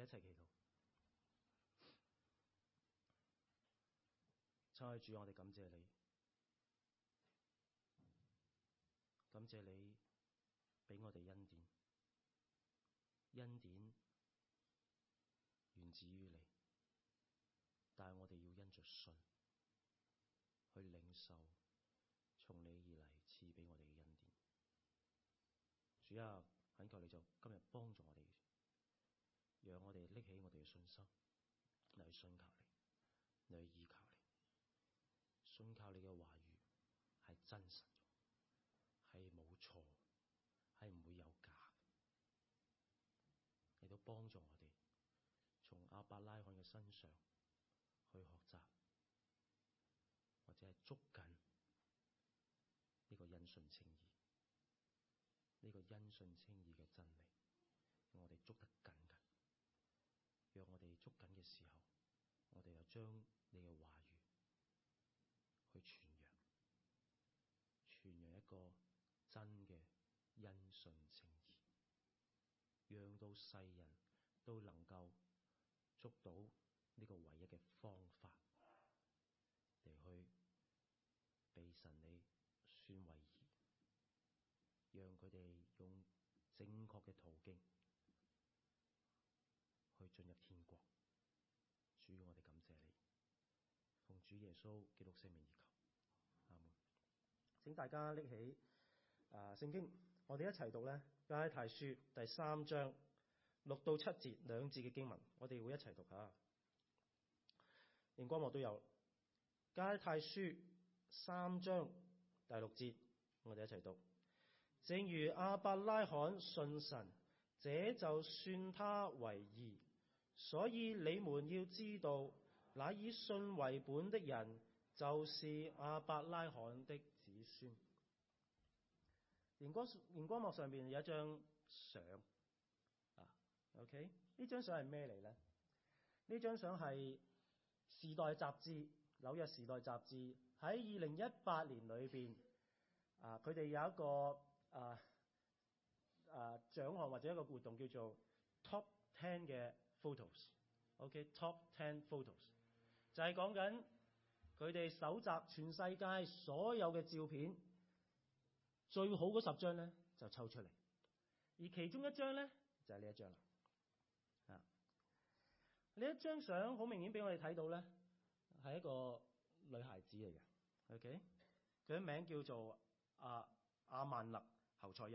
一齊祈禱，親愛主，我哋感謝你，感謝你俾我哋恩典，恩典源自於你，但係我哋要因着信去領受從你而嚟賜俾我哋嘅恩典。主啊，懇求你就今日幫助我。我。拎起我哋嘅信心，嚟去信靠你，嚟去依靠你，信靠你嘅話語係真實，係冇錯，係唔會有假。你都幫助我哋，從亞伯拉罕嘅身上去學習，或者係捉緊呢個因信稱義，呢個因信稱義嘅真理，我哋捉得。我哋又將你嘅話語去傳揚，傳揚一個真嘅因信正義，讓到世人都能夠捉到呢個唯一嘅方法嚟去俾神你稱為義，讓佢哋用正確嘅途徑去進入天堂。主耶穌，基督聖名而求。阿們。請大家拎起啊，聖經，我哋一齊讀呢。加太書第三章六到七節兩節嘅經文，我哋會一齊讀一下。螢光幕都有。加太書三章第六節，我哋一齊讀。正如亞伯拉罕信神，這就算他為義。所以你們要知道。那以信為本的人，就是亞伯拉罕的子孫。熒光熒光幕上面有一張相，OK 呢張相係咩嚟咧？呢張相係時代雜誌，紐約時代雜誌喺二零一八年裏面，啊，佢哋有一個啊啊獎項或者一個活動叫做 Top Ten 嘅 Photos，OK，Top Ten Photos。就係講緊佢哋搜集全世界所有嘅照片，最好嗰十張咧就抽出嚟，而其中一張咧就係、是、呢一張啦。啊，呢一張相好明顯俾我哋睇到咧，係一個女孩子嚟嘅。OK，佢嘅名叫做阿阿、啊啊、曼勒侯賽恩。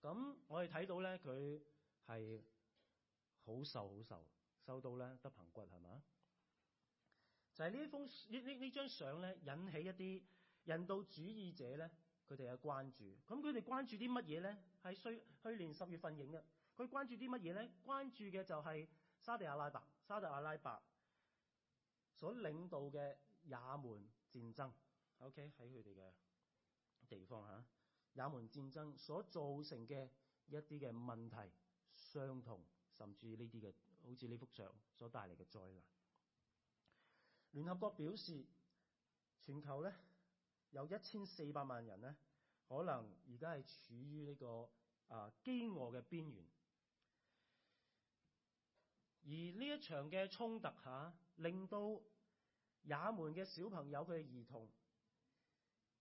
咁、嗯、我哋睇到咧，佢係好瘦好瘦，瘦到咧得棚骨係嘛？就呢一封呢呢呢張相咧，引起一啲人道主義者咧，佢哋嘅關注。咁佢哋關注啲乜嘢咧？係去去年十月份影嘅。佢關注啲乜嘢咧？關注嘅就係沙地阿拉伯，沙特阿拉伯所領導嘅也門戰爭，OK，喺佢哋嘅地方吓，也門戰爭所造成嘅一啲嘅問題相同，甚至呢啲嘅好似呢幅相所帶嚟嘅災難。聯合國表示，全球咧有一千四百萬人咧，可能而家係處於呢個啊飢餓嘅邊緣。而呢一場嘅衝突下，啊，令到也門嘅小朋友佢嘅兒童，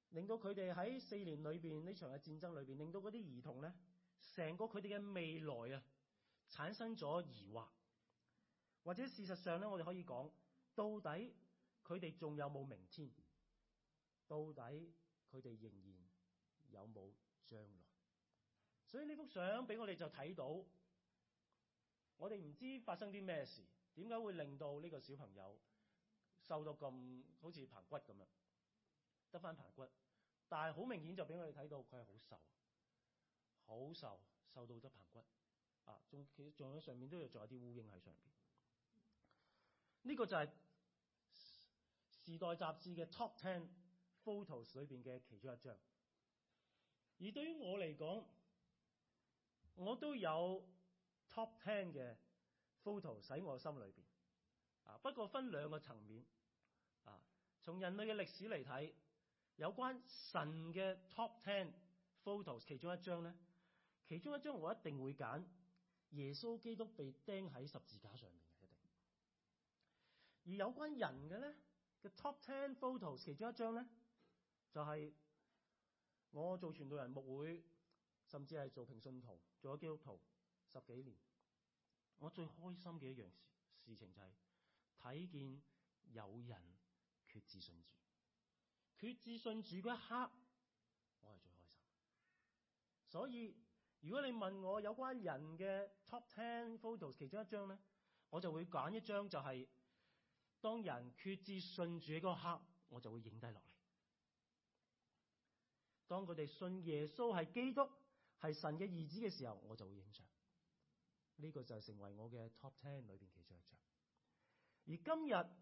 令到佢哋喺四年裏邊呢場嘅戰爭裏邊，令到嗰啲兒童咧，成個佢哋嘅未來啊產生咗疑惑，或者事實上咧，我哋可以講。到底佢哋仲有冇明天？到底佢哋仍然有冇將來？所以呢幅相俾我哋就睇到，我哋唔知發生啲咩事，點解會令到呢個小朋友瘦到咁好似排骨咁樣得返排骨？但係好明顯就俾我哋睇到佢係好瘦，好瘦，瘦到得排骨啊！仲其實仲喺上面都有仲有啲烏蠅喺上邊，呢個就係。《時代雜誌》嘅 Top Ten Photos 裏邊嘅其中一張，而對於我嚟講，我都有 Top Ten 嘅 Photo 喺我心裏邊。啊，不過分兩個層面。啊，從人類嘅歷史嚟睇，有關神嘅 Top Ten Photos 其中一張咧，其中一張我一定會揀耶穌基督被釘喺十字架上面嘅，一定。而有關人嘅咧？嘅 top ten photos，其中一張咧，就係、是、我做傳道人牧會，甚至係做平信徒、做咗基督徒十幾年，我最開心嘅一樣事事情就係、是、睇見有人決志信主。決志信主嗰一刻，我係最開心。所以如果你問我有關人嘅 top ten photos，其中一張咧，我就會揀一張就係、是。當人決志信住嗰刻，我就會影低落嚟。當佢哋信耶穌係基督係神嘅兒子嘅時候，我就會影相。呢、這個就成為我嘅 top ten 裏邊其中一張。而今日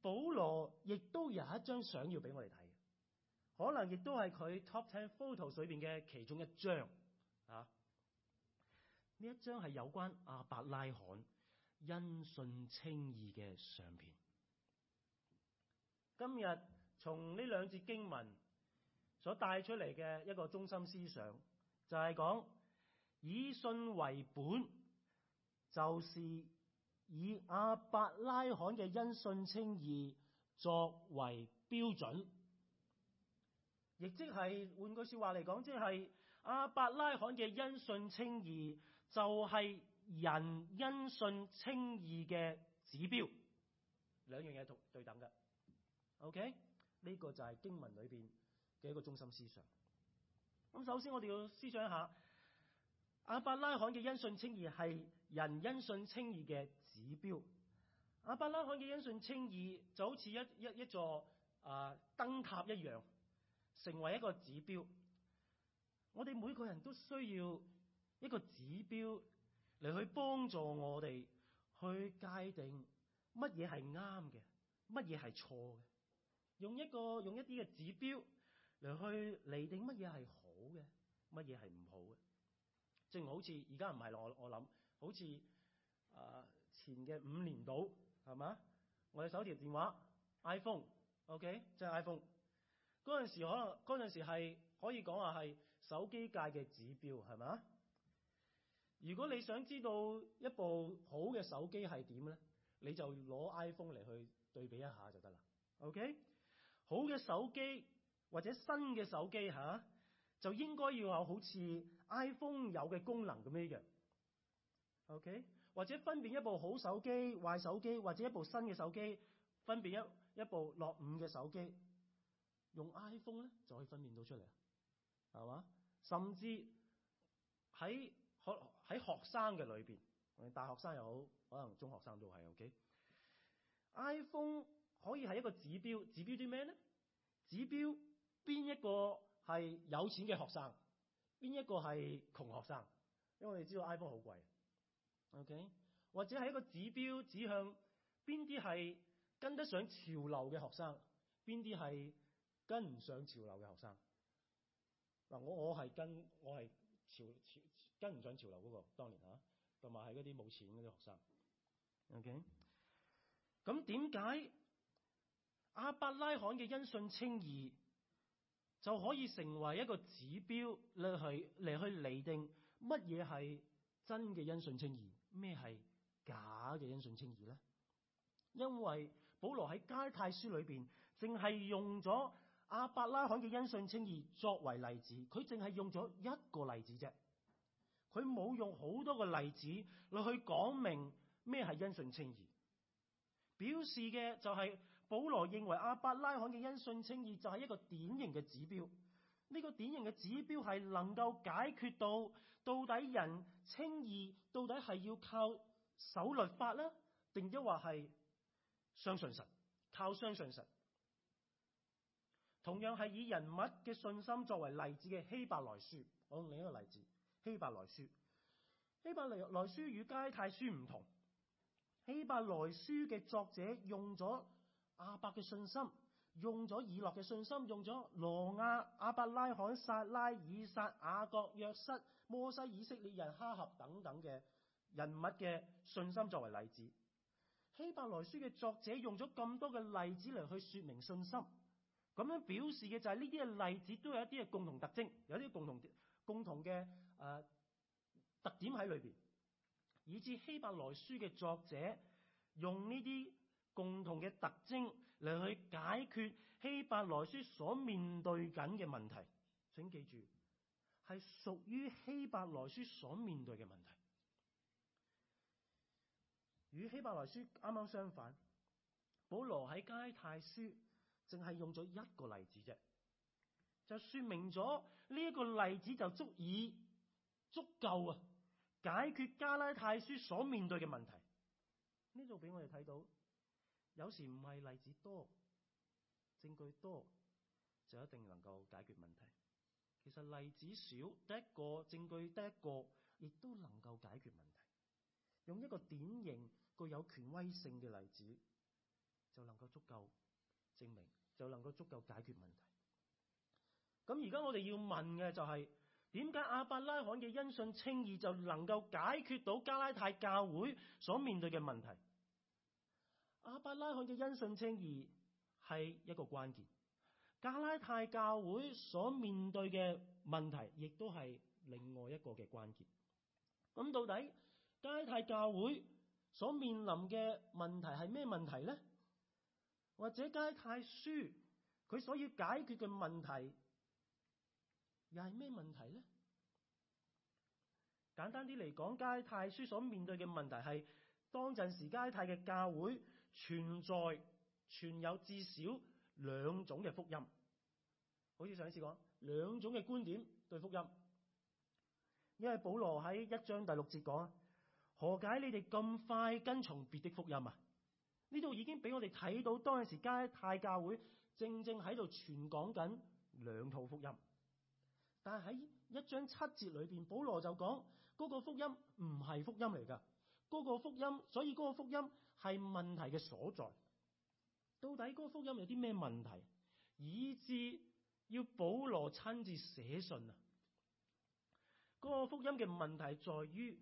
保羅亦都有一張相要俾我哋睇，可能亦都係佢 top ten photo 裏邊嘅其中一張。啊，呢一張係有關阿伯拉罕因信稱義嘅相片。今日從呢兩節經文所帶出嚟嘅一個中心思想，就係、是、講以信為本，就是以亞伯拉罕嘅因信稱義作為標準，亦即係換句說話嚟講，即係亞伯拉罕嘅因信稱義就係人因信稱義嘅指標，兩樣嘢同對等嘅。OK，呢個就係經文裏邊嘅一個中心思想。咁首先我哋要思想一下，阿伯拉罕嘅因信稱義係人因信稱義嘅指標。阿伯拉罕嘅因信稱義就好似一一一座啊燈塔一樣，成為一個指標。我哋每個人都需要一個指標嚟去幫助我哋去界定乜嘢係啱嘅，乜嘢係錯嘅。用一個用一啲嘅指標嚟去釐定乜嘢係好嘅，乜嘢係唔好嘅。正好似而家唔係我我諗好似啊、呃、前嘅五年度係嘛？我嘅手提電話 iPhone，OK，即係 iPhone 嗰、okay? 陣時可能嗰陣時係可以講話係手機界嘅指標係嘛？如果你想知道一部好嘅手機係點咧，你就攞 iPhone 嚟去對比一下就得啦，OK？好嘅手機或者新嘅手機嚇，就應該要有好似 iPhone 有嘅功能咁樣嘅，OK？或者分辨一部好手機、壞手機，或者一部新嘅手機，分辨一一部落伍嘅手機，用 iPhone 咧就可以分辨到出嚟啊，係嘛？甚至喺學喺學生嘅裏邊，大學生又好，可能中學生都係 OK。iPhone。可以係一個指標，指標啲咩咧？指標邊一個係有錢嘅學生，邊一個係窮學生？因為你知道 iPhone 好貴，OK？或者係一個指標指向邊啲係跟得上潮流嘅學生，邊啲係跟唔上潮流嘅學生？嗱、啊，我我係跟，我係潮潮跟唔上潮流嗰、嗰個，當年吓，同埋係嗰啲冇錢嗰啲學生，OK？咁點解？阿伯拉罕嘅因信稱義就可以成為一個指標，你去嚟去厘定乜嘢係真嘅因信稱義，咩係假嘅因信稱義咧？因為保羅喺加太書裏邊淨係用咗阿伯拉罕嘅因信稱義作為例子，佢淨係用咗一個例子啫，佢冇用好多嘅例子嚟去講明咩係因信稱義，表示嘅就係、是。保羅認為阿伯拉罕嘅因信稱義就係一個典型嘅指標，呢個典型嘅指標係能夠解決到到底人稱義到底係要靠守律法呢？定抑或係相信神，靠相信神。同樣係以人物嘅信心作為例子嘅希伯來書，我用另一個例子，希伯來書。希伯來書與加泰書唔同，希伯來書嘅作者用咗。亞伯嘅信心，用咗以諾嘅信心，用咗羅亞、亞伯拉罕、撒拉、以撒、雅各、約瑟、摩西、以色列人、哈合等等嘅人物嘅信心作為例子。希伯來書嘅作者用咗咁多嘅例子嚟去說明信心，咁樣表示嘅就係呢啲嘅例子都有一啲嘅共同特徵，有啲共同共同嘅誒、呃、特點喺裏邊，以致希伯來書嘅作者用呢啲。共同嘅特徵，嚟去解決希伯來書所面對緊嘅問題，請記住係屬於希伯來書所面對嘅問題，與希伯來書啱啱相反。保羅喺加拉太書淨係用咗一個例子啫，就說明咗呢一個例子就足以足夠啊，解決加拉太書所面對嘅問題。呢度俾我哋睇到。有時唔係例子多，證據多就一定能夠解決問題。其實例子少，得一個證據，得一個亦都能夠解決問題。用一個典型、具有權威性嘅例子就能夠足夠證明，就能夠足夠解決問題。咁而家我哋要問嘅就係、是，點解亞伯拉罕嘅因信稱義就能夠解決到加拉太教會所面對嘅問題？亞伯拉罕嘅因信稱義係一個關鍵，加拉太教會所面對嘅問題，亦都係另外一個嘅關鍵。咁到底加拉太教會所面臨嘅問題係咩問題呢？或者加拉太書佢所要解決嘅問題又係咩問題呢？簡單啲嚟講，加拉太書所面對嘅問題係當陣時加拉太嘅教會。存在存有至少兩種嘅福音，好似上一次講兩種嘅觀點對福音。因為保羅喺一章第六節講：「啊，何解你哋咁快跟從別的福音啊？呢度已經俾我哋睇到當陣時，加拉太教會正正喺度傳講緊兩套福音，但係喺一章七節裏邊，保羅就講：那「嗰個福音唔係福音嚟噶，嗰個福音，所以嗰個福音。係問題嘅所在，到底嗰個福音有啲咩問題，以致要保羅親自寫信啊？嗰、那個福音嘅問題在於，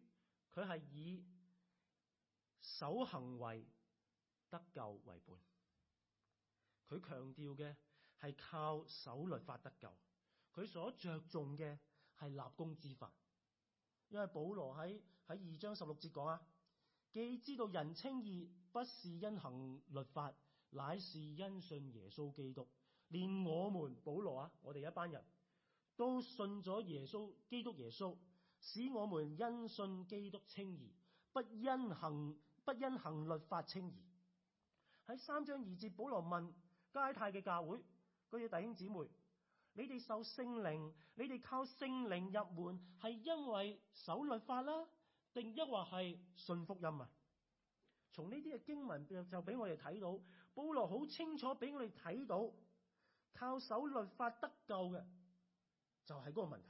佢係以守行為得救為本，佢強調嘅係靠守律法得救，佢所着重嘅係立功之法。因為保羅喺喺二章十六節講啊。既知道人稱義不是因行律法，乃是因信耶穌基督。連我們保羅啊，我哋一班人都信咗耶穌基督耶穌，使我們因信基督稱義，不因行不因行律法稱義。喺三章二節，保羅問加泰嘅教會：佢哋弟兄姊妹，你哋受聖靈，你哋靠聖靈入門，係因為守律法啦？定抑或係信福音啊！從呢啲嘅經文就俾我哋睇到，保羅好清楚俾我哋睇到，靠守律法得救嘅就係、是、嗰個問題。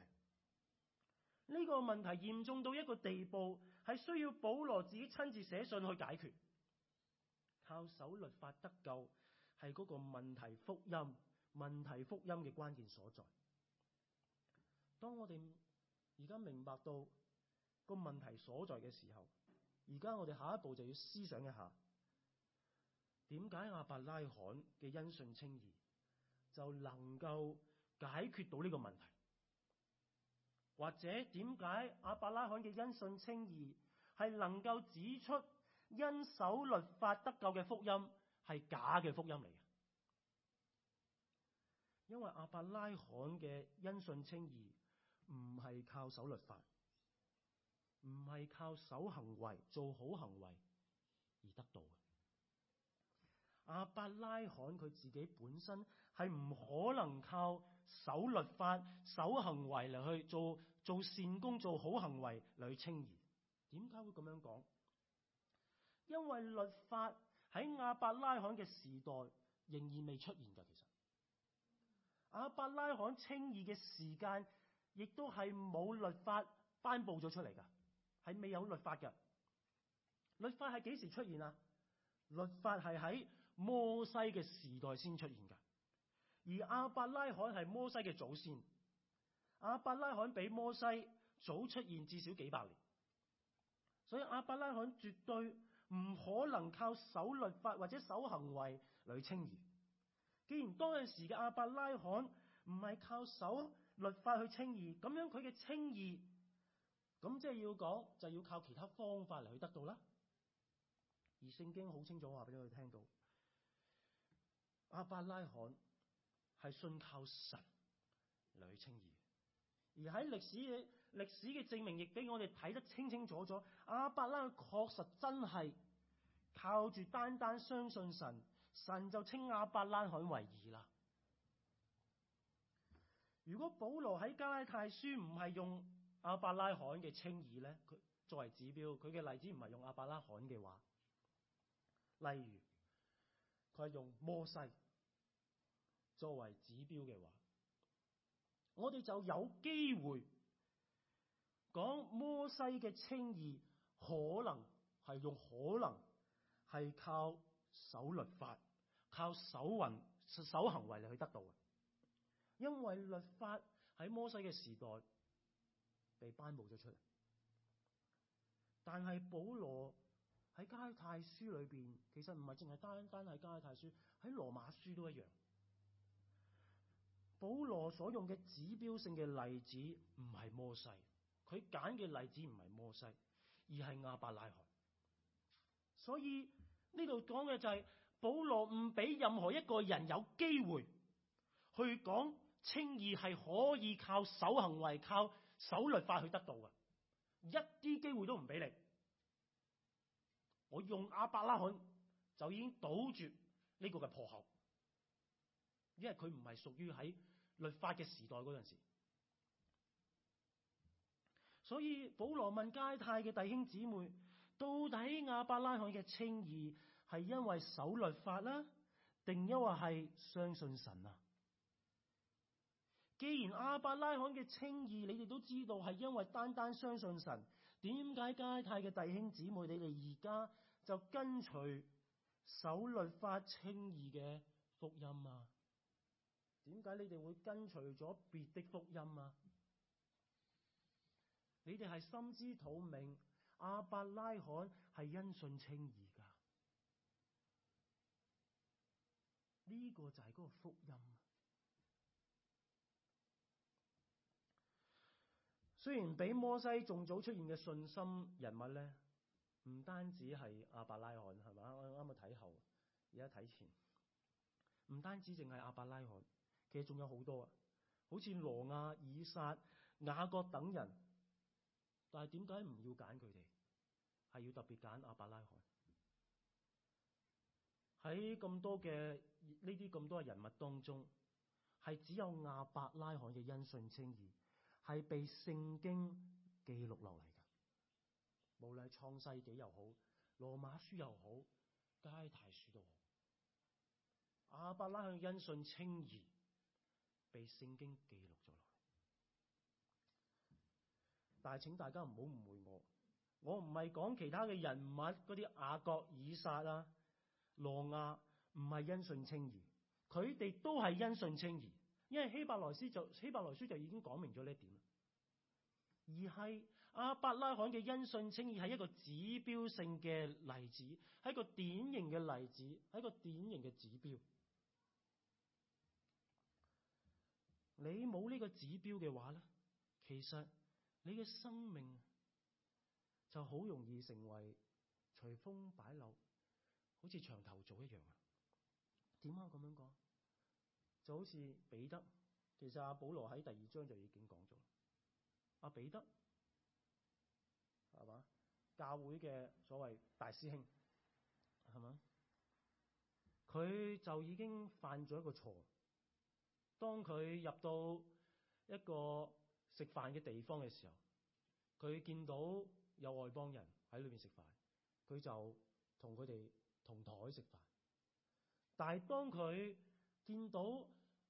呢、這個問題嚴重到一個地步，係需要保羅自己親自寫信去解決。靠守律法得救係嗰個問題福音、問題福音嘅關鍵所在。當我哋而家明白到個問題所在嘅時候，而家我哋下一步就要思想一下，點解阿伯拉罕嘅因信稱義就能夠解決到呢個問題？或者點解阿伯拉罕嘅因信稱義係能夠指出因守律法得救嘅福音係假嘅福音嚟？因為阿伯拉罕嘅因信稱義唔係靠守律法。唔係靠守行為做好行為而得到嘅。阿伯拉罕佢自己本身係唔可能靠守律法、守行為嚟去做做善功、做好行為嚟稱義。點解會咁樣講？因為律法喺阿伯拉罕嘅時代仍然未出現噶，其實。阿伯拉罕稱義嘅時間亦都係冇律法頒布咗出嚟噶。係未有律法嘅，律法係幾時出現啊？律法係喺摩西嘅時代先出現嘅，而亞伯拉罕係摩西嘅祖先，亞伯拉罕比摩西早出現至少幾百年，所以亞伯拉罕絕對唔可能靠守律法或者守行為嚟稱義，既然當陣時嘅亞伯拉罕唔係靠守律法去稱義，咁樣佢嘅稱義。咁即係要講，就要靠其他方法嚟去得到啦。而聖經好清楚，我話俾我哋聽到，阿伯拉罕係信靠神嚟去稱義，而喺歷史嘅歷史嘅證明亦俾我哋睇得清清楚楚。阿伯拉罕確實真係靠住單單相信神，神就稱阿伯拉罕為義啦。如果保羅喺加拉太書唔係用。阿伯拉罕嘅稱義呢，佢作為指標，佢嘅例子唔係用阿伯拉罕嘅話，例如佢係用摩西作為指標嘅話，我哋就有機會講摩西嘅稱義可能係用，可能係靠守律法、靠守運、守，守行為嚟去得到嘅，因為律法喺摩西嘅時代。係頒布咗出嚟，但係保羅喺迦太書裏邊，其實唔係淨係單單喺迦太書，喺羅馬書都一樣。保羅所用嘅指標性嘅例子唔係摩西，佢揀嘅例子唔係摩西，而係亞伯拉罕。所以呢度講嘅就係、是、保羅唔俾任何一個人有機會去講，稱義係可以靠守，行為靠。守律法去得到嘅，一啲機會都唔俾你。我用亞伯拉罕就已經堵住呢個嘅破口，因為佢唔係屬於喺律法嘅時代嗰陣時。所以保羅問迦太嘅弟兄姊妹，到底亞伯拉罕嘅稱義係因為守律法啦，定抑或係相信神啊？既然亞伯拉罕嘅稱義，你哋都知道係因為單單相信神。點解迦太嘅弟兄姊妹，你哋而家就跟隨守律法稱義嘅福音啊？點解你哋會跟隨咗別的福音啊？你哋係心知肚明，亞伯拉罕係因信稱義噶，呢、這個就係嗰個福音。雖然比摩西仲早出現嘅信心人物呢，唔單止係阿伯拉罕，係嘛？我啱啱睇後，而家睇前，唔單止淨係阿伯拉罕，其實仲有好多啊，好似羅亞、以撒、雅各等人。但係點解唔要揀佢哋？係要特別揀阿伯拉罕。喺咁多嘅呢啲咁多嘅人物當中，係只有亞伯拉罕嘅因信稱義，係被聖經記錄落嚟㗎，無論創世記又好，羅馬書又好，加拉太書都好，亞伯拉罕因信稱義，被聖經記錄咗落嚟。但係請大家唔好誤會我，我唔係講其他嘅人物嗰啲雅各、以撒啊、羅亞，唔係因信稱義，佢哋都係因信稱義，因為希伯來書就希伯來書就已經講明咗呢一點。而係阿伯拉罕嘅因信稱義係一個指標性嘅例子，係一個典型嘅例子，係一個典型嘅指標。你冇呢個指標嘅話咧，其實你嘅生命就好容易成為隨風擺柳，好似牆頭草一樣啊！點解咁樣講？就好似彼得，其實阿保羅喺第二章就已經講咗。阿彼得係嘛？教會嘅所謂大師兄係嘛？佢就已經犯咗一個錯。當佢入到一個食飯嘅地方嘅時候，佢見到有外邦人喺裏面食飯，佢就同佢哋同枱食飯。但係當佢見到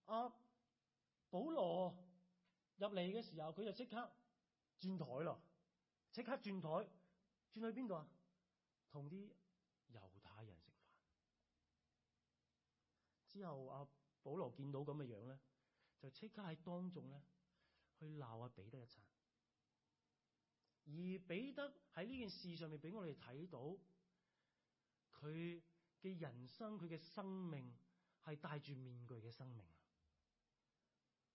阿保羅入嚟嘅時候，佢就即刻，轉台咯，即刻轉台，轉去邊度啊？同啲猶太人食飯之後，啊，阿保羅見到咁嘅樣咧，就即刻喺當眾咧去鬧阿彼得一餐。而彼得喺呢件事上面俾我哋睇到，佢嘅人生佢嘅生命係戴住面具嘅生命，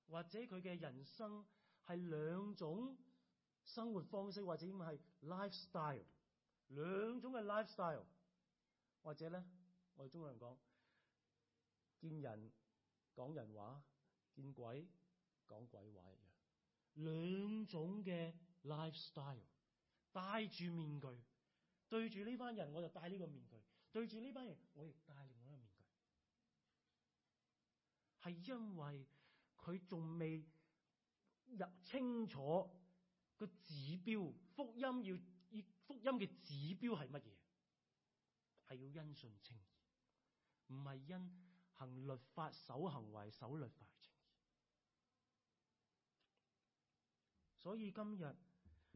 或者佢嘅人生係兩種。生活方式或者係 lifestyle 兩種嘅 lifestyle，或者咧我哋中國人講，見人講人話，見鬼講鬼話一樣，兩種嘅 lifestyle 戴住面具，對住呢班人我就戴呢個面具，對住呢班人我亦戴另外一個面具，係因為佢仲未入清楚。個指標福音，要以福音嘅指標係乜嘢？係要因信稱義，唔係因行律法守行為守律法而稱義。所以今日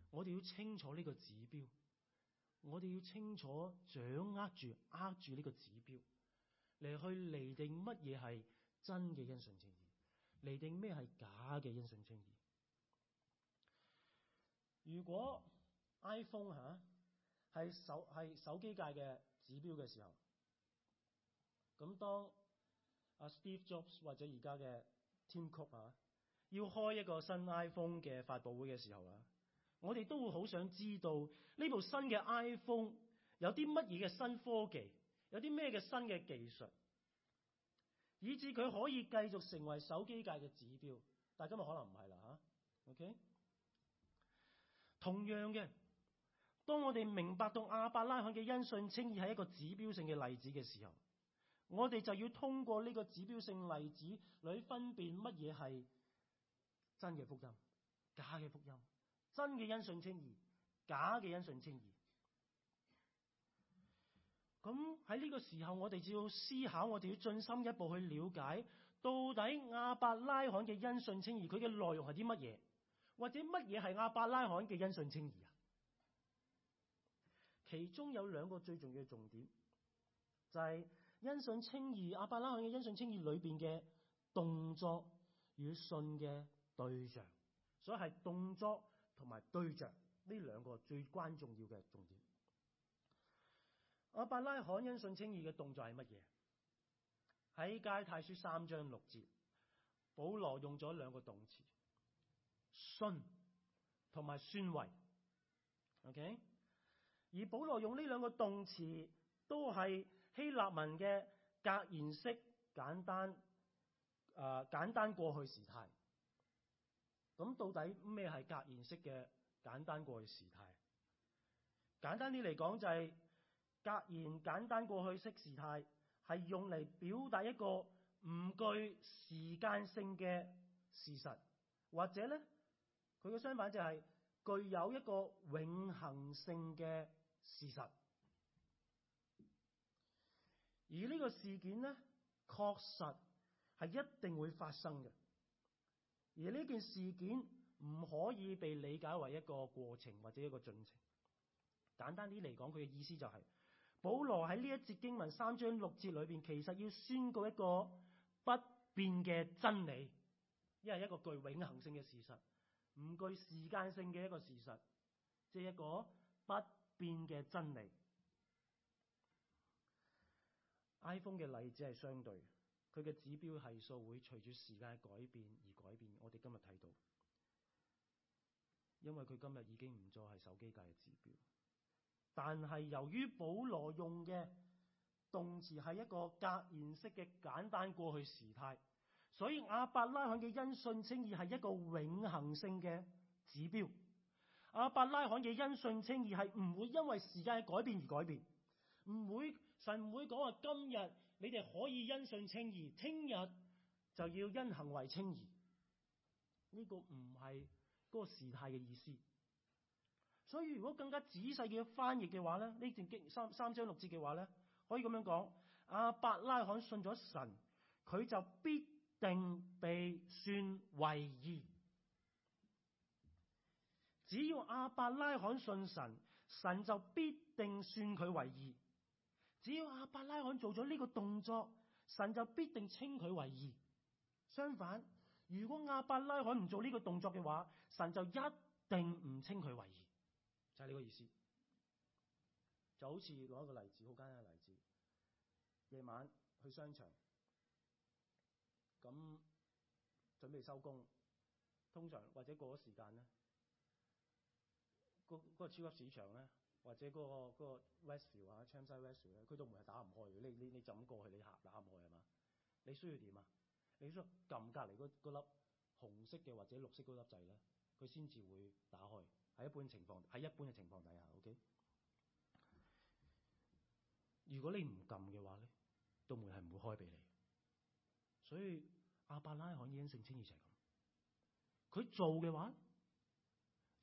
我哋要清楚呢個指標，我哋要清楚掌握住握住呢個指標嚟去釐定乜嘢係真嘅因信稱義，釐定咩係假嘅因信稱義。如果 iPhone 嚇、啊、係手係手機界嘅指標嘅時候，咁當阿、啊、Steve Jobs 或者而家嘅 Tim Cook 啊，要開一個新 iPhone 嘅發佈會嘅時候啊，我哋都會好想知道呢部新嘅 iPhone 有啲乜嘢嘅新科技，有啲咩嘅新嘅技術，以至佢可以繼續成為手機界嘅指標。但係今日可能唔係啦嚇，OK？同樣嘅，當我哋明白到亞伯拉罕嘅因信稱義係一個指標性嘅例子嘅時候，我哋就要通過呢個指標性例子嚟分辨乜嘢係真嘅福音、假嘅福音、真嘅因信稱義、假嘅因信稱義。咁喺呢個時候，我哋就要思考，我哋要進深一步去了解到底亞伯拉罕嘅因信稱義佢嘅內容係啲乜嘢。或者乜嘢係亞伯拉罕嘅因信稱義啊？其中有兩個最重要嘅重點，就係、是、因信稱義。亞伯拉罕嘅因信稱義裏邊嘅動作與信嘅對象，所以係動作同埋對象呢兩個最關重要嘅重點。亞伯拉罕因信稱義嘅動作係乜嘢？喺加拉太書三章六節，保羅用咗兩個動詞。信同埋宣為，OK。而保羅用呢兩個動詞都係希臘文嘅格言式簡單誒、呃，簡單過去時態。咁、嗯、到底咩係格言式嘅簡單過去時態？簡單啲嚟講就係、是、格言簡單過去式時態，係用嚟表達一個唔具時間性嘅事實，或者咧。佢嘅相反就係、是、具有一個永恆性嘅事實，而呢個事件呢，確實係一定會發生嘅。而呢件事件唔可以被理解為一個過程或者一個進程。簡單啲嚟講，佢嘅意思就係、是，保羅喺呢一節經文三章六節裏邊，其實要宣告一個不變嘅真理，因為一個具永恆性嘅事實。唔具時間性嘅一個事實，即係一個不變嘅真理。iPhone 嘅例子係相對，佢嘅指標係數會隨住時間嘅改變而改變。我哋今日睇到，因為佢今日已經唔再係手機界嘅指標。但係由於保羅用嘅動詞係一個格言式嘅簡單過去時態。所以亞伯拉罕嘅因信稱義係一個永恒性嘅指標，亞伯拉罕嘅因信稱義係唔會因為時間嘅改變而改變，唔會，神唔會講話今日你哋可以因信稱義，聽日就要因行為稱義，呢個唔係嗰個時態嘅意思。所以如果更加仔細嘅翻譯嘅話咧，呢段經三三章六節嘅話咧，可以咁樣講：亞伯拉罕信咗神，佢就必。定被算為義，只要亞伯拉罕信神，神就必定算佢為義；只要亞伯拉罕做咗呢個動作，神就必定稱佢為義。相反，如果亞伯拉罕唔做呢個動作嘅話，神就一定唔稱佢為義。就係呢個意思。就好似攞一個例子，好簡單嘅例子，夜晚去商場。咁準備收工，通常或者過咗時間咧，嗰嗰、嗰個超級市場咧，或者嗰、嗰個嗰、嗰個 Westfield 啊、Chermside Westfield 咧、啊，佢度門係打唔開嘅。你你你就咁過去，你合打唔開係嘛？你需要點啊？你需要撳隔離嗰粒紅色嘅或者綠色嗰粒掣咧，佢先至會打開。喺一般情況，喺一般嘅情況底下，OK。如果你唔撳嘅話咧，度門係唔會開俾你。所以亞伯拉罕因信稱義就係咁，佢做嘅話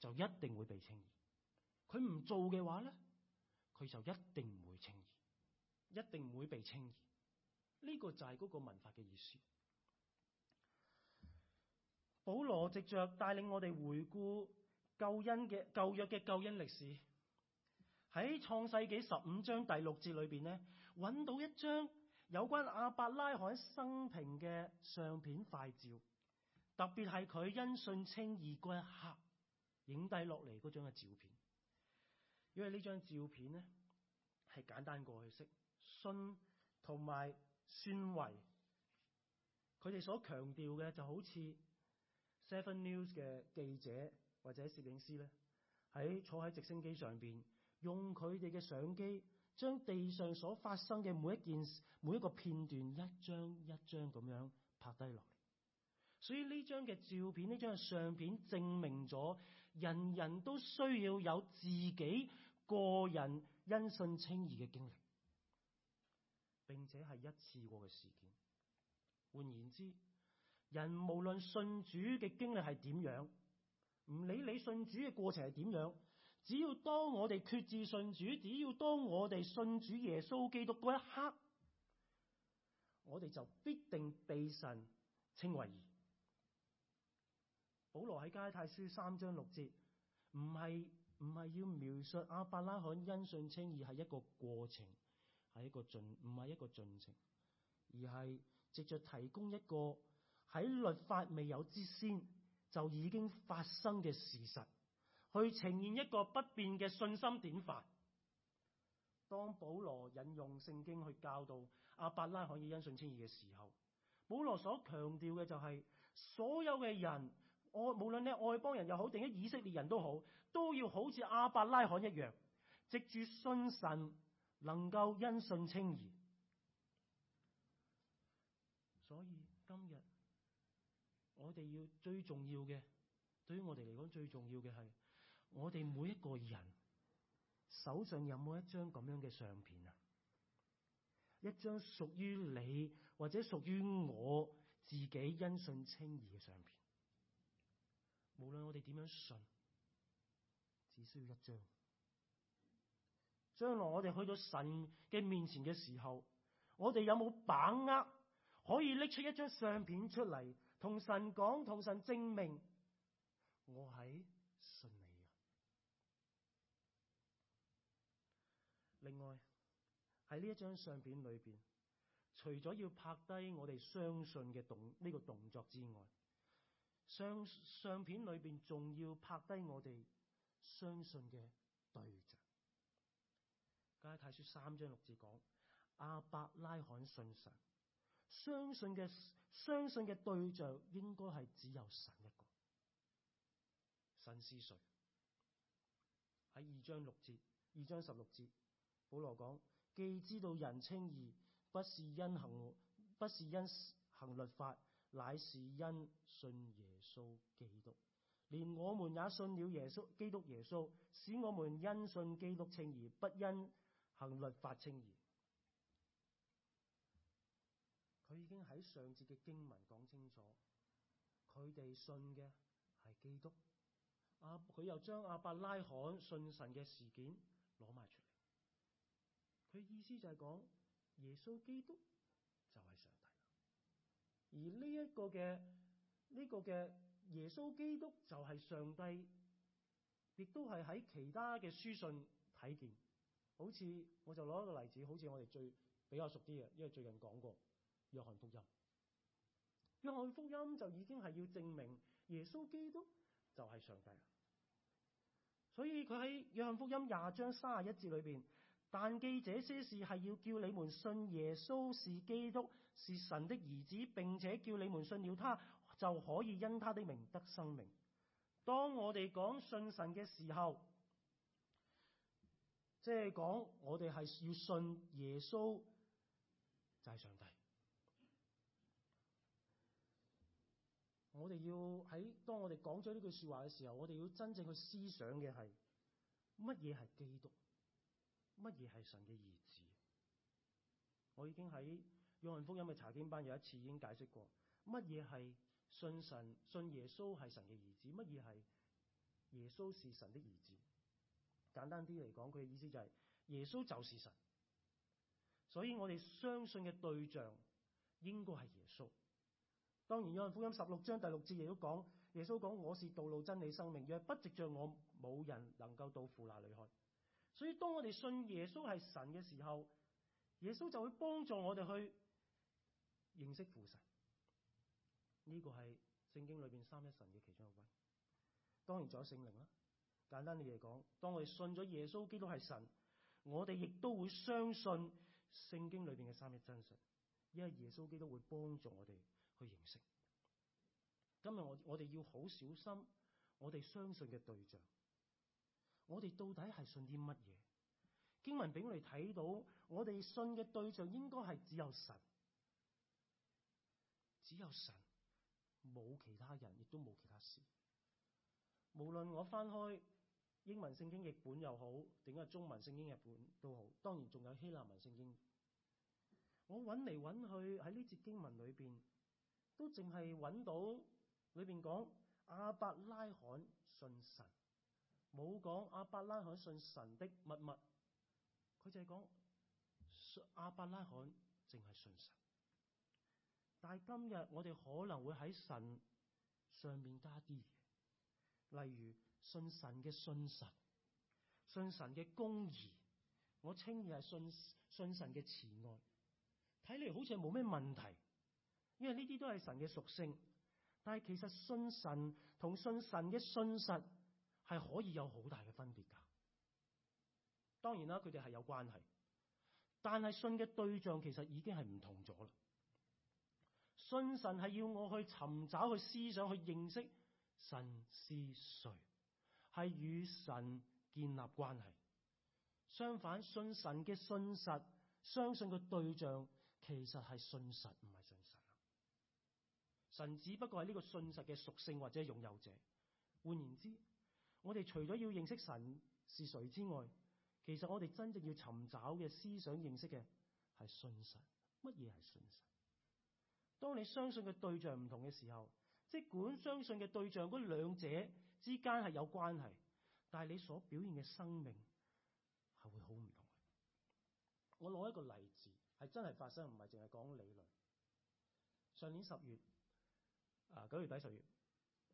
就一定會被稱義；佢唔做嘅話咧，佢就一定唔會稱義，一定唔會被稱義。呢、這個就係嗰個文法嘅意思。保羅藉着帶領我哋回顧救恩嘅舊約嘅救恩歷史，喺創世紀十五章第六節裏邊咧，揾到一張。有關阿伯拉罕生平嘅相片快照，特別係佢因信稱義嗰一刻影低落嚟嗰張嘅照片，因為呢張照片咧係簡單過去式。信同埋宣維，佢哋所強調嘅就好似 Seven News 嘅記者或者攝影師咧，喺坐喺直升機上邊用佢哋嘅相機。將地上所發生嘅每一件、每一個片段，一張一張咁樣拍低落嚟。所以呢張嘅照片、呢張嘅相片，證明咗人人都需要有自己個人因信稱義嘅經歷，並且係一次過嘅事件。換言之，人無論信主嘅經歷係點樣，唔理你信主嘅過程係點樣。只要當我哋決志信主，只要當我哋信主耶穌基督嗰一刻，我哋就必定被神稱為義。保羅喺加拉太書三章六節，唔係唔係要描述亞伯拉罕因信稱義，係一個過程，係一個進，唔係一個進程，而係藉着提供一個喺律法未有之先就已經發生嘅事實。去呈現一個不變嘅信心典範。當保羅引用聖經去教導阿伯拉罕以因信稱義嘅時候，保羅所強調嘅就係、是、所有嘅人，我無論你外邦人又好，定係以色列人都好，都要好似阿伯拉罕一樣，藉住信神能夠因信稱義。所以今日我哋要最重要嘅，對於我哋嚟講最重要嘅係。我哋每一個人手上有冇一張咁樣嘅相片啊？一張屬於你或者屬於我自己因信稱義嘅相片。無論我哋點樣信，只需要一張。將來我哋去到神嘅面前嘅時候，我哋有冇把握可以拎出一張相片出嚟，同神講，同神證明我喺？另外喺呢一張相片裏邊，除咗要拍低我哋相信嘅動呢、這個動作之外，相相片裏邊仲要拍低我哋相信嘅對象。加拉太書三章六節講，亞伯拉罕信神，相信嘅相信嘅對象應該係只有神一個。神是誰？喺二章六節、二章十六節。保羅講，既知道人稱義不是因行，不是因行律法，乃是因信耶穌基督。連我們也信了耶穌基督耶穌，使我們因信基督稱義，不因行律法稱義。佢已經喺上節嘅經文講清楚，佢哋信嘅係基督。佢、啊、又將阿伯拉罕信神嘅事件攞埋出。佢意思就係講耶穌基督就係上帝，而呢一個嘅呢個嘅耶穌基督就係上帝，亦都係喺其他嘅書信睇見。好似我就攞一個例子，好似我哋最比較熟啲嘅，因為最近講過約翰福音，約翰福音就已經係要證明耶穌基督就係上帝啦，所以佢喺約翰福音廿章三十一節裏邊。但記這些事係要叫你們信耶穌是基督，是神的兒子，並且叫你們信了他就可以因他的名得生命。當我哋講信神嘅時候，即係講我哋係要信耶穌，就係上帝。我哋要喺當我哋講咗呢句說話嘅時候，我哋要真正去思想嘅係乜嘢係基督？乜嘢係神嘅兒子？我已經喺約翰福音嘅查經班有一次已經解釋過，乜嘢係信神、信耶穌係神嘅兒子？乜嘢係耶穌是神的兒子？簡單啲嚟講，佢嘅意思就係耶穌就是神，所以我哋相信嘅對象應該係耶穌。當然，約翰福音十六章第六節亦都講耶穌講：我是道路、真理、生命，若不藉着我，冇人能夠到父那裏去。所以當我哋信耶穌係神嘅時候，耶穌就會幫助我哋去認識父神。呢個係聖經裏邊三一神嘅其中一位。當然仲有聖靈啦。簡單啲嚟講，當我哋信咗耶穌基督係神，我哋亦都會相信聖經裏邊嘅三一真神，因為耶穌基督會幫助我哋去認識。今日我我哋要好小心我哋相信嘅對象。我哋到底係信啲乜嘢？經文俾我哋睇到，我哋信嘅對象應該係只有神，只有神，冇其他人，亦都冇其他事。無論我翻開英文聖經譯本又好，定係中文聖經譯本都好，當然仲有希臘文聖經。我揾嚟揾去喺呢節經文裏邊，都淨係揾到裏邊講亞伯拉罕信神。冇講亞伯拉罕信神的秘密，佢就係講亞伯拉罕淨係信神。但係今日我哋可能會喺神上面加啲嘢，例如信神嘅信實、信神嘅公義，我稱義係信信神嘅慈愛。睇嚟，好似冇咩問題，因為呢啲都係神嘅屬性。但係其實信神同信神嘅信實。係可以有好大嘅分別㗎。當然啦，佢哋係有關係，但係信嘅對象其實已經係唔同咗啦。信神係要我去尋找、去思想、去認識神是誰，係與神建立關係。相反，信神嘅信實，相信嘅對象其實係信實，唔係信神。神只不過係呢個信實嘅屬性或者擁有者。換言之，我哋除咗要認識神是誰之外，其實我哋真正要尋找嘅思想認識嘅係信神。乜嘢係信神？當你相信嘅對象唔同嘅時候，即管相信嘅對象嗰兩者之間係有關係，但係你所表現嘅生命係會好唔同。我攞一個例子，係真係發生，唔係淨係講理論。上年十月，啊九月底十月，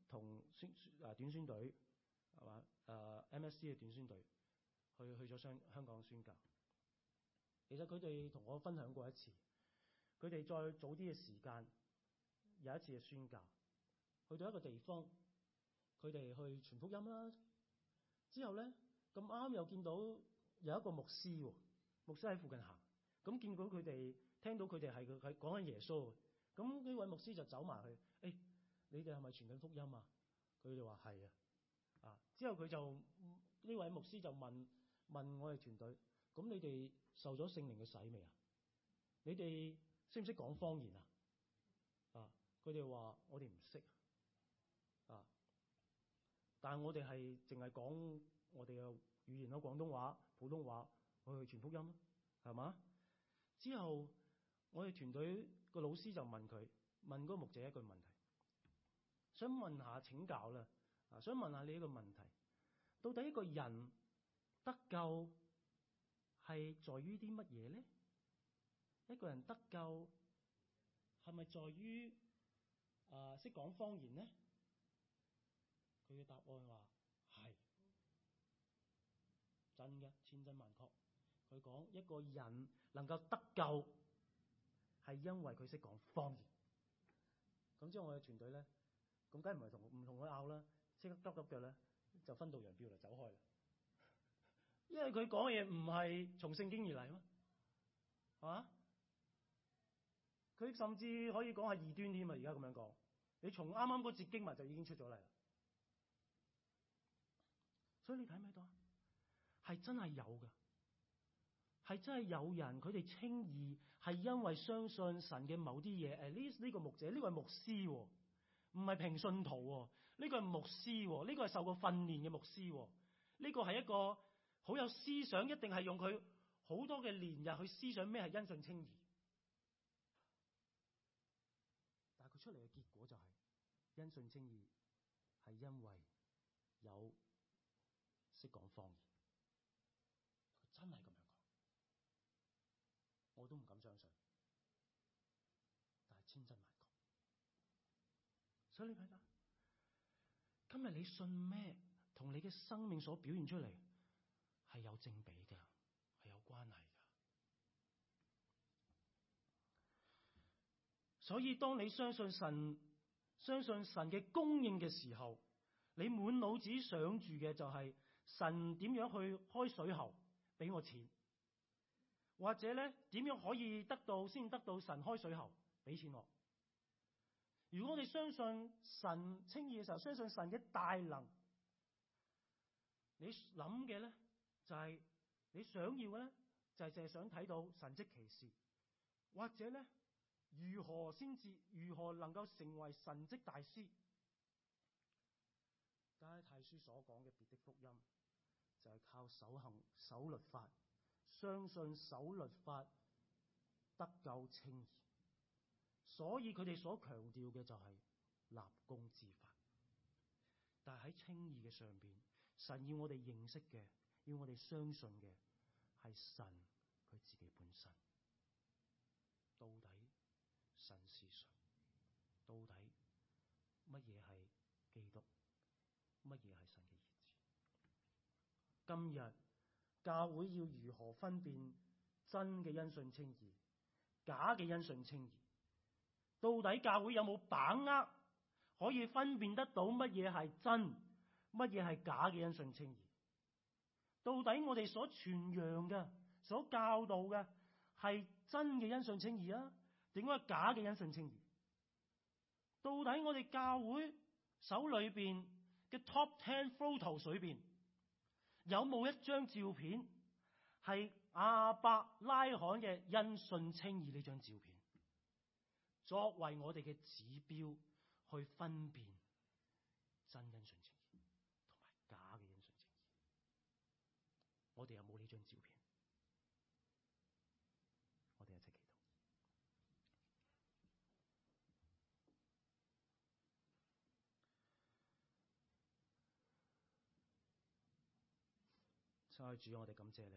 同宣啊短宣隊。係嘛？誒 M.S.C 嘅短宣隊去去咗香香港宣教。其實佢哋同我分享過一次，佢哋再早啲嘅時間有一次嘅宣教，去到一個地方，佢哋去傳福音啦。之後咧咁啱又見到有一個牧師喎，牧師喺附近行，咁見到佢哋聽到佢哋係係講緊耶穌，咁呢位牧師就走埋去，誒、欸、你哋係咪傳緊福音啊？佢哋話係啊。之後佢就呢位牧師就問問我哋團隊：咁你哋受咗聖靈嘅洗未啊？你哋識唔識講方言啊？啊！佢哋話：我哋唔識啊！但係我哋係淨係講我哋嘅語言咯，廣東話、普通話去傳福音咯，係嘛？之後我哋團隊個老師就問佢問嗰個牧者一句問題，想問下請教啦。啊！想問下你一個問題：到底一個人得救係在於啲乜嘢咧？一個人得救係咪在於啊識講方言咧？佢嘅答案話係真嘅，千真萬確。佢講一個人能夠得救係因為佢識講方言。咁之後我嘅團隊咧，咁梗係唔係同唔同佢拗啦。急急嘅咧，就分道揚鑣啦，走開啦。 因為佢講嘢唔係從聖經而嚟嘛？啊？佢甚至可以講係異端添啊！而家咁樣講，你從啱啱嗰節經文就已經出咗嚟。所以你睇唔睇到啊？係真係有噶，係真係有人，佢哋稱義係因為相信神嘅某啲嘢。誒呢呢個牧者呢位、這個、牧師、哦，唔係平信徒、哦。呢個係牧師喎，呢個係受過訓練嘅牧師喎，呢個係一個好有思想，一定係用佢好多嘅年日去思想咩係因信稱義。但係佢出嚟嘅結果就係、是、因信稱義係因為有識講方言，佢真係咁樣講，我都唔敢相信，但係千真萬確，所以你睇下。因為你信咩，同你嘅生命所表現出嚟，係有正比嘅，係有關係嘅。所以當你相信神、相信神嘅供應嘅時候，你滿腦子想住嘅就係、是、神點樣去開水喉俾我錢，或者呢點樣可以得到先得到神開水喉俾錢我。如果你相信神稱義嘅時候，相信神嘅大能，你諗嘅咧就係、是、你想要嘅咧就係淨係想睇到神蹟奇事，或者咧如何先至如何能夠成為神蹟大師？加拉太書所講嘅別的福音就係、是、靠守行守律法，相信守律法得救稱義。所以佢哋所強調嘅就係立功之法。但係喺稱義嘅上邊，神要我哋認識嘅，要我哋相信嘅係神佢自己本身。到底神是誰？到底乜嘢係基督？乜嘢係神嘅兒子？今日教會要如何分辨真嘅因信稱義，假嘅因信稱義？到底教會有冇把握可以分辨得到乜嘢係真，乜嘢係假嘅因信稱義？到底我哋所傳揚嘅、所教導嘅係真嘅因信稱義啊？定係假嘅因信稱義？到底我哋教會手裏邊嘅 Top Ten Photo 裏邊有冇一張照片係亞伯拉罕嘅因信稱義呢張照片？作為我哋嘅指標，去分辨真因信稱義同埋假嘅因信稱義，我哋有冇呢張照片？我哋一齊祈禱。謝主， 我哋感謝你。